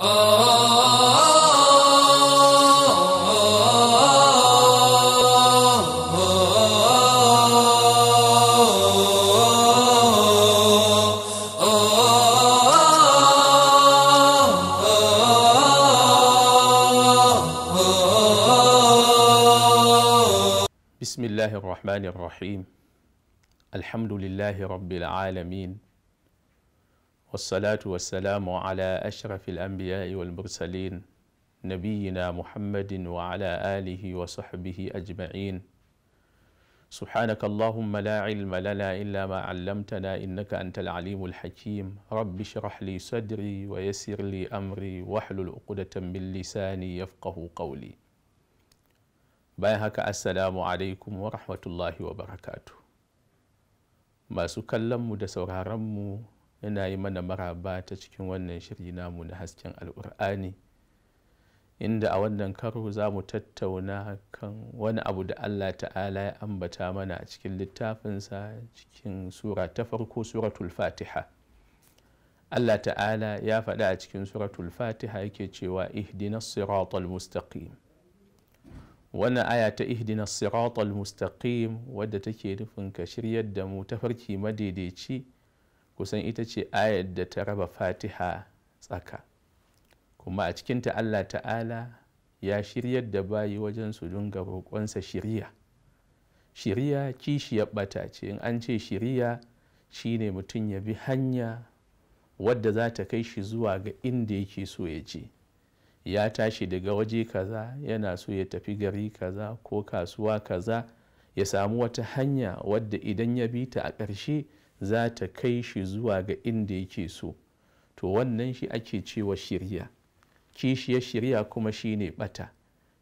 بسم الله الرحمن الرحيم الحمد لله رب العالمين والصلاة والسلام على أشرف الأنبياء والمرسلين نبينا محمد وعلى آله وصحبه أجمعين سبحانك اللهم لا علم لنا إلا ما علمتنا إنك أنت العليم الحكيم رب اشرح لي صدري ويسر لي أمري واحلل عقدة من لساني يفقه قولي بايهك السلام عليكم ورحمة الله وبركاته ما سكلم هرمو yana yi mana maraba ta cikin wannan shiri namu na hasken al'ur'ani inda a wannan karo za mu tattauna kan wani abu da allah ta'ala ya ambata mana a cikin littafinsa cikin sura ta farko suratul fatiha allah ta'ala ya faɗa a cikin suratul fatiha yake cewa ihdina siratal mustaqim wannan aya ta ihdina siratal mustaqim wadda take nufin ka shiryar da mu tafarki madaidaici kusan ita ce ayar da ta raba fatiha tsaka kuma a cikinta allah ta'ala ya shiryar da bayi wajen su dinga roƙonsa shirya. Shirya kishiyar ɓata ce in an ce shiriya shine mutum ya bi hanya wadda za ta kai shi zuwa ga inda yake so ya ce, ya tashi daga waje kaza yana so ya tafi gari kaza ko kasuwa kaza ya samu wata hanya wadda idan ya bi ta a ƙarshe za ta kai shi zuwa ga inda yake so to wannan shi ake cewa shirya kishiyar shirya kuma shi ne bata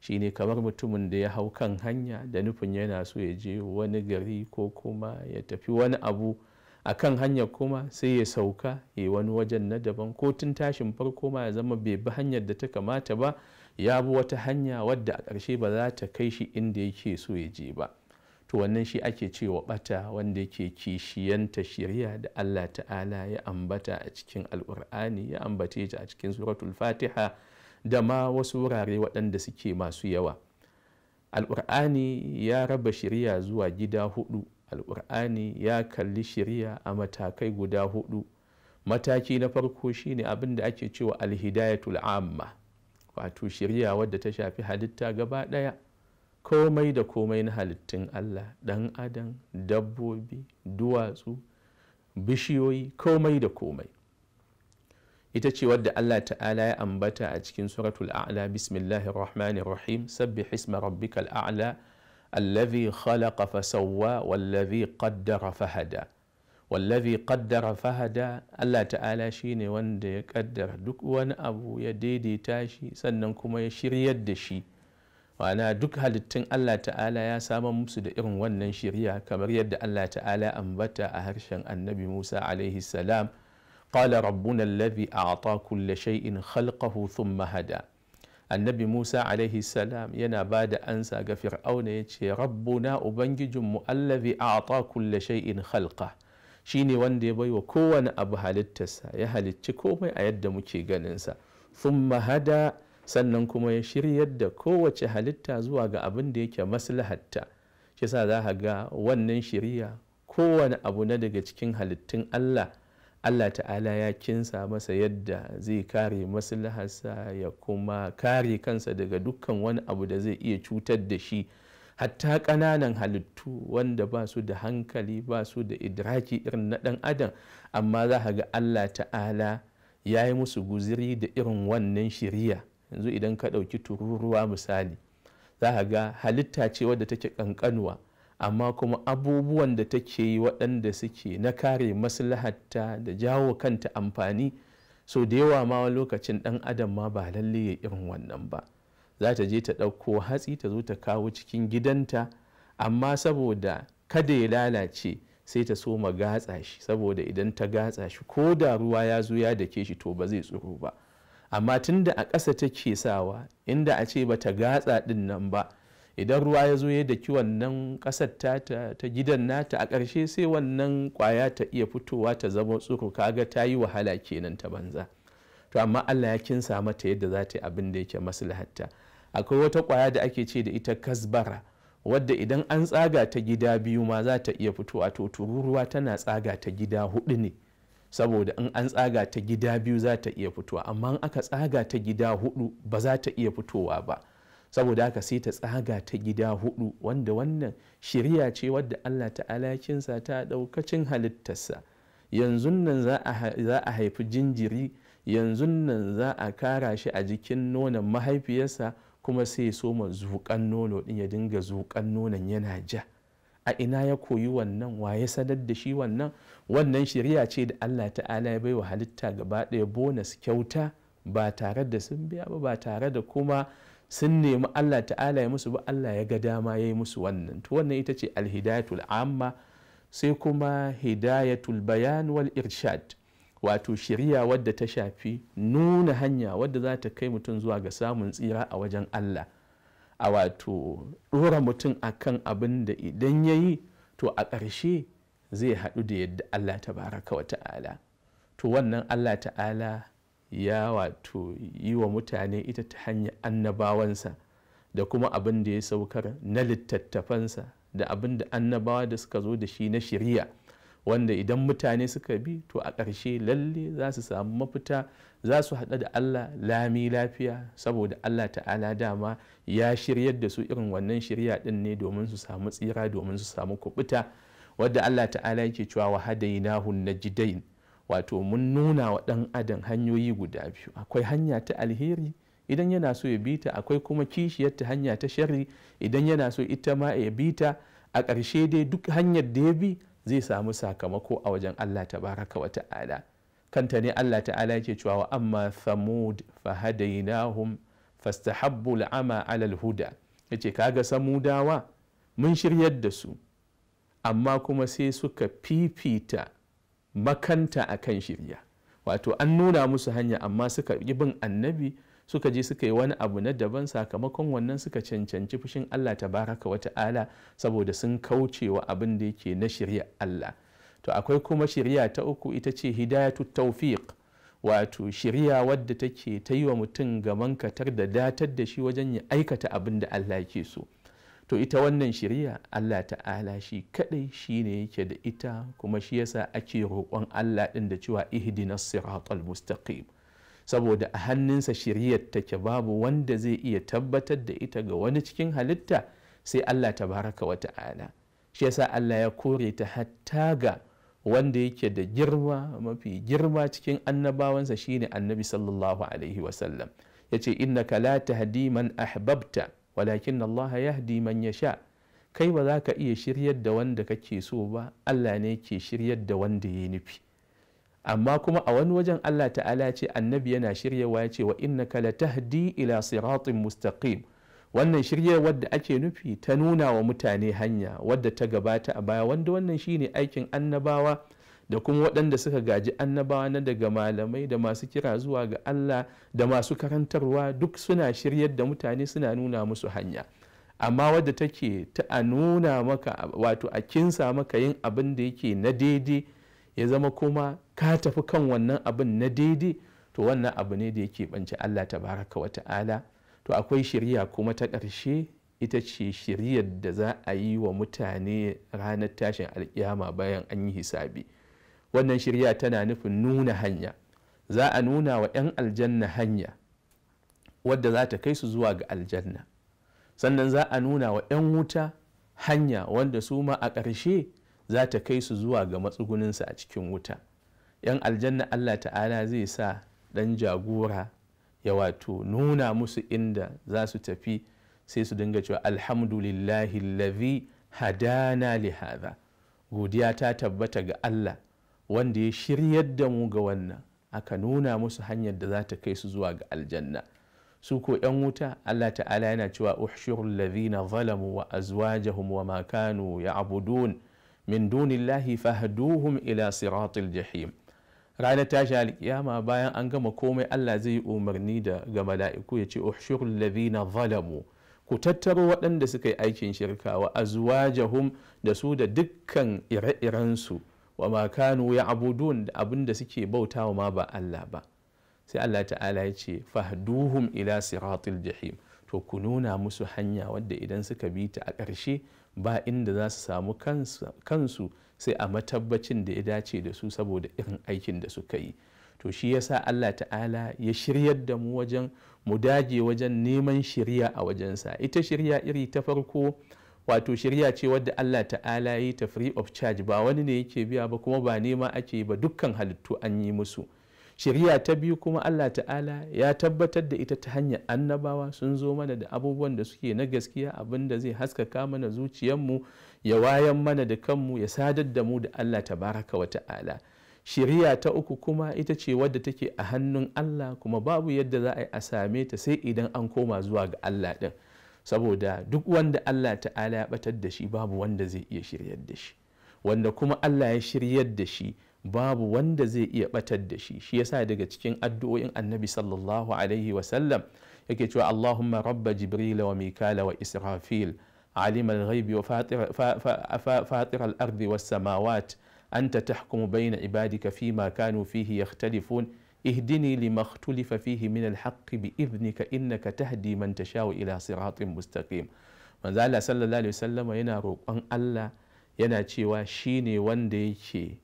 shi ne kamar mutumin da ya hau kan hanya da nufin yana so ya je wani gari ko kuma ya tafi wani abu a kan hanya kuma sai ya sauka ya wani wajen na daban ko tun tashin farko ma ya zama bai bi hanyar da ta kamata ba ya bi wata hanya wadda a ƙarshe ba za ta kai shi inda yake so ya je ba to wannan shi ake cewa bata wanda yake kishiyanta shirya da Allah ta'ala ya ambata a cikin alkur'ani ya ambace ta a cikin suratul fatiha da ma wasu wurare waɗanda suke masu yawa alkur'ani ya raba shirya zuwa gida hudu alkur'ani ya kalli shirya a matakai guda hudu mataki na farko shine abin da ake cewa alhidayatul amma wato shirya wadda ta shafi halitta gaba ɗaya komai da komai na halittun Allah ɗan adam dabbobi duwatsu bishiyoyi komai da komai ita ce wadda Allah ta'ala ya ambata a cikin suratul a'la bismillahir rahmanir rahim isma rabbikal a'la allazi khalaqa fasawwa wallazi qaddara fahada wallazi qaddara fahada Allah ta'ala shine wanda ya kaddara duk wani abu ya daidaita shi sannan kuma ya shiryar da shi ma'ana duk halittun Allah ta'ala ya samar musu da irin wannan shirya kamar yadda Allah ta'ala ambata a harshen annabi Musa alaihi salam qala rabbuna alladhi a'ta kulla shay'in khalqahu thumma hada annabi Musa alaihi salam yana ba da ansa ga fir'auna ya ce rabbuna ubangijinmu allazi a'ta kulla shay'in khalqa shine wanda ya baiwa kowane abu halittarsa ya halicci komai a yadda muke ganin sa thumma hada sannan kuma ya shiryar da kowace halitta zuwa ga abin da yake maslahatta shi sa za ka ga wannan shiriya kowane abu na daga cikin halittun Allah Allah ta'ala ya kinsa masa yadda zai kare maslaharsa ya kuma kare kansa daga dukkan wani abu da zai iya cutar da shi hatta ƙananan halittu wanda ba su da hankali ba su da idraki irin na ɗan adam amma za ga Allah ta'ala ya yi musu guziri da irin wannan shiriya yanzu idan ka ɗauki tururuwa misali za ka ga halitta ce wadda take ƙanƙanuwa amma kuma abubuwan da take yi waɗanda suke na kare maslahatta da jawo kanta amfani so da yawa ma wani lokacin ɗan adam ma ba lalle ya irin wannan ba za ta je ta ɗauko hatsi ta zo ta kawo cikin gidanta amma saboda kada ya lalace sai ta so ma gatsa shi saboda idan ta gatsa shi ko da ruwa ya zo ya dake shi to ba zai tsiro ba amma tun da a ƙasa take sawa inda a ce bata gatsa ɗin nan ba idan ruwa ya zo ya ki wannan ƙasar ta gidan nata a ƙarshe sai wannan ƙwaya ta iya fitowa ta zama tsoro kaga ta yi wahala kenan ta banza to amma Allah ya kinsa mata yadda za ta yi abin da yake maslahatta akwai wata ƙwaya da ake ce da ita kasbara wadda idan an tsaga ta gida biyu ma za ta iya fitowa to tururuwa tana tsaga ta gida hudu ne saboda in an tsaga ta gida biyu za ta iya fitowa amma in aka tsaga ta gida hudu ba za ta iya fitowa ba saboda haka sai ta tsaga ta gida hudu wanda wannan shirya ce wadda Allah ta'ala kinsa ta daukacin halittarsa yanzu nan za a haifi jinjiri yanzu nan za a kara shi a jikin nonon mahaifiyarsa kuma sai soma zuƙan nono ɗin ya dinga zuƙan nonon yana ja a ina ya koyi wannan wa ya sanar da shi wannan wannan shari'a ce da allah ta'ala ya bai wa halitta gaba ɗaya bonus kyauta ba tare da sun biya ba ba tare da kuma sun nemi allah ta'ala ya musu ba allah ya ga dama ya yi musu wannan to wannan ita ce alhidayatul amma sai kuma hidayatul bayan wal irshad wato shari'a wadda ta shafi nuna hanya wadda za ta kai mutum zuwa ga samun tsira a wajen allah a wato ɗora mutum akan abin da idan ya yi to a ƙarshe zai haɗu da yadda Allah ta baraka wa ta'ala to wannan Allah ta'ala ya wato yi wa mutane ita ta hanyar annabawansa da kuma abin da ya saukar na littattafansa da abin da annabawa da suka zo da shi na shirya wanda idan mutane suka bi to a ƙarshe lalle za su samu mafita za su haɗa da Allah lami lafiya saboda Allah ta'ala dama ya shiryar da su irin wannan shirya ɗin ne domin su samu tsira domin su samu kuɓuta wadda Allah ta'ala yake cewa wa hun najidain wato mun nuna wa ɗan adam hanyoyi guda biyu akwai hanya ta alheri idan yana so ya bita akwai kuma kishiyar ta hanya ta sharri idan yana so ita ma ya bita a ƙarshe dai duk hanyar da ya bi zai samu sakamako a wajen Allah Ta baraka wa ta'ala kanta ne Allah ta'ala yake cewa wa amma thamud fahadainahum fastahabbu al'ama 'ala al-huda yace kaga samudawa mun shiryar da su amma kuma sai suka fifita makanta akan shirya wato an nuna musu hanya amma suka yi bin annabi suka je suka yi wani abu na daban sakamakon wannan suka cancanci fushin Allah ta baraka wa ta'ala saboda sun kaucewa abin da yake na shirya Allah to akwai kuma shirya ta uku ita ce hidayatu tawfiq wato shirya wadda take ta yi wa mutum gaban katar da datar da shi wajen ya aikata abin da Allah ke so to ita wannan shirya Allah ta'ala shi kadai shi ne yake da ita kuma shi yasa ake roƙon Allah ɗin da cewa ihdinas siratal mustaqim saboda a hannunsa shiriyar take babu wanda zai iya tabbatar da ita ga wani cikin halitta sai Allah Ta baraka wa ta'ala shi yasa Allah ya kore ta hatta ga wanda yake da girma mafi girma cikin annabawansa shine annabi sallallahu alaihi wasallam yace innaka la tahdi man ahbabta walakin Allah yahdi man yasha kai ba za ka iya shiryar da wanda kake so ba Allah ne ke shiryar da wanda ya nufi amma kuma a wani wajen Allah ta'ala ce annabi yana shiryewa ya ce wa kala tahdi ila siratin mustaqim wannan shiryawar wadda ake nufi ta nuna wa mutane hanya wadda ta gabata a baya wanda wannan shine aikin annabawa da kuma waɗanda suka gaji annabawa na daga malamai da masu kira zuwa ga Allah da masu karantarwa duk suna shiryar da mutane suna nuna musu hanya amma wadda take ta nuna maka wato a kinsa maka yin abin da yake na daidai ya zama kuma ka tafi kan wannan abin na daidai to wannan abu ne da yake banci Allah tabaraka wa ta'ala to akwai shirya kuma ta ƙarshe ita ce shiryar da za a yi wa mutane ranar tashin alkiyama bayan an yi hisabi wannan shirya tana nufin nuna hanya za a nuna wa 'yan aljanna hanya wadda za ta kai su zuwa ga aljanna sannan za a nuna wa 'yan wuta hanya wanda su ma a ƙarshe za ta kai su zuwa ga matsuguninsa a cikin wuta 'yan aljanna allah ta'ala zai sa ɗan jagora ya wato nuna musu inda za su tafi sai su dinga cewa alhamdulillahi lazi hadana li hadha godiya ta tabbata ga allah wanda ya shiryar da mu ga wannan aka nuna musu hanyar da za ta kai su zuwa ga aljanna su ko 'yan wuta allah ta'ala yana cewa uhshirul ladhina zalamu wa azwajahum wa ma kanu ya'budun min dunillahi fahduhum ila siratil jahim ranar tashi alkiyama bayan an gama komai Allah zai yi umarni da ga mala'iku ya ce uhshurul ladhina zalamu ku tattaro waɗanda suka yi aikin shirka wa azwajahum da su da dukkan ire su wa ma kanu ya abudun da abin da suke bautawa ma ba Allah ba sai Allah ta'ala ya ce fahduhum ila siratil jahim to ku nuna musu hanya wadda idan suka bi ta a ƙarshe ba inda za su samu kansu sai a matabbacin da ya dace da su saboda irin aikin da suka yi to shi yasa Allah ta'ala ya shiryar da mu wajen mu dage wajen neman shirya a wajensa ita shirya iri ta farko wato shirya ce wadda Allah ta'ala yi ta free of charge ba wani ne yake biya ba kuma ba nema ake yi ba dukkan halittu an yi musu shari'a ta biyu kuma Allah ta'ala ya tabbatar da ita ta hanyar annabawa sun zo mana da abubuwan da suke na gaskiya abin da zai haskaka mana zuciyarmu ya wayan mana da kanmu ya sadar da mu da Allah tabaraka wa ta'ala shari'a ta uku kuma ita ce wadda take a hannun Allah kuma babu yadda za a yi a same ta sai idan an koma zuwa ga Allah din saboda duk wanda Allah ta'ala ya batar da shi babu wanda zai iya shiryar da shi wanda kuma Allah ya shiryar da shi babu wanda zai iya batar da shi shi yasa daga cikin addu'o'in annabi sallallahu alaihi wasallam yake cewa Allahumma rabb jibril wa mikala wa israfil alim al-ghaibi wa fatir fa, fa, al-ardi was samawat anta tahkumu bayna ibadika fima kanu fihi yakhtalifun اهدني لما اختلف فيه من الحق بإذنك إنك تهدي من تشاء إلى صراط مستقيم من ذا الله صلى الله yana roƙon Allah yana cewa shine wanda yake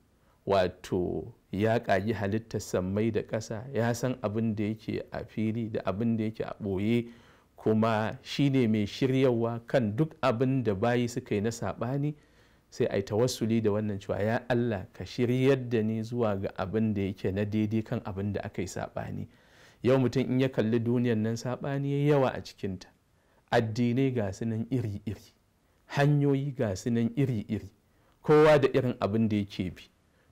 wato ya ƙagi halittar sammai da ƙasa ya san abin da yake a fili da abin da yake a ɓoye kuma shine mai shiryawa kan duk abin da bayi suka yi na saɓani sai a yi tawassuli da wannan cewa ya Allah ka shiryar da ni zuwa ga abin da yake na daidai kan abin da aka yi saɓani yau mutum in ya kalli duniyar nan saɓani ya yawa a cikinta addinai ga su nan iri-iri hanyoyi ga su nan iri-iri kowa da irin abin da yake bi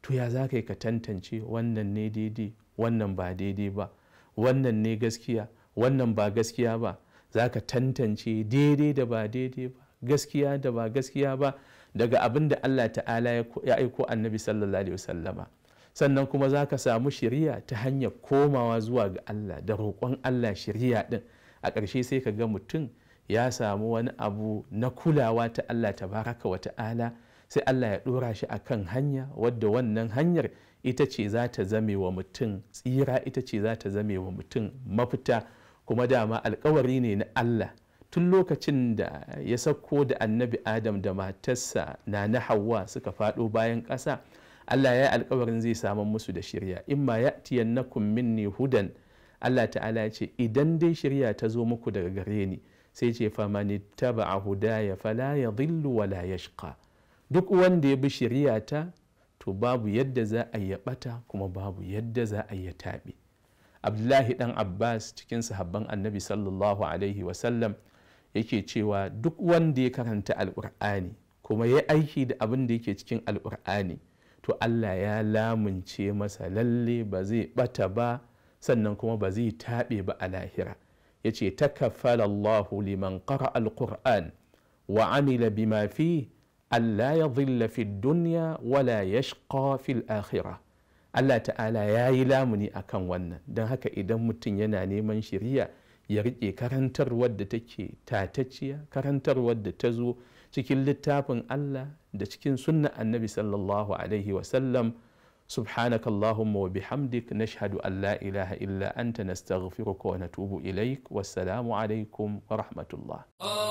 to ya za ka yi ka tantance wannan ne daidai wannan ba daidai ba wannan ne gaskiya wannan ba gaskiya ba za ka tantance daidai da ba daidai ba gaskiya da ba gaskiya ba daga abin da Allah ta'ala ya aiko annabi sallallahu alaihi wasallama sannan kuma za ka samu shiriya ta hanyar komawa zuwa ga Allah da roƙon Allah shiriya ɗin a ƙarshe sai ka ga mutum ya samu wani abu na kulawa ta Allah tabaraka wa ta'ala sai Allah ya ɗora shi a kan hanya wadda wannan hanyar ita ce za ta zame wa mutum tsira ita ce za ta zame wa mutum mafita kuma dama alkawari ne na Allah tun lokacin da ya sauko da annabi Adam da matarsa na na hawa suka faɗo bayan ƙasa Allah ya yi alkawarin zai samu musu da shirya In ma ya min minni hudan Allah ta'ala ya ce idan dai shirya ta zo muku daga gare ni sai ce famani taba'a hudaya fala ya zillu wala ya yashqa duk wanda ya bi shari'ata to babu yadda za a ya bata kuma babu yadda za a ya taɓe abdullahi dan abbas cikin sahabban annabi sallallahu alaihi wasallam yake cewa duk wanda ya karanta alƙur'ani kuma ya aiki da abin da yake cikin alƙur'ani to allah ya lamunce masa lalle ba zai ɓata ba sannan kuma ba zai taɓe ba a lahira ya ce ta liman qara alƙur'an wa amila bima fi ألا يضل في الدنيا ولا يشقى في الآخرة Allah ta'ala ya yi lamuni a kan wannan don haka idan mutum yana neman shiriya ya riƙe karantarwar da take tatacciya karantarwar da ta zo cikin littafin Allah da cikin sunna annabi sallallahu alaihi wasallam سبحانك اللهم وبحمدك نشهد أن لا إله إلا أنت نستغفرك ونتوب إليك والسلام عليكم ورحمة الله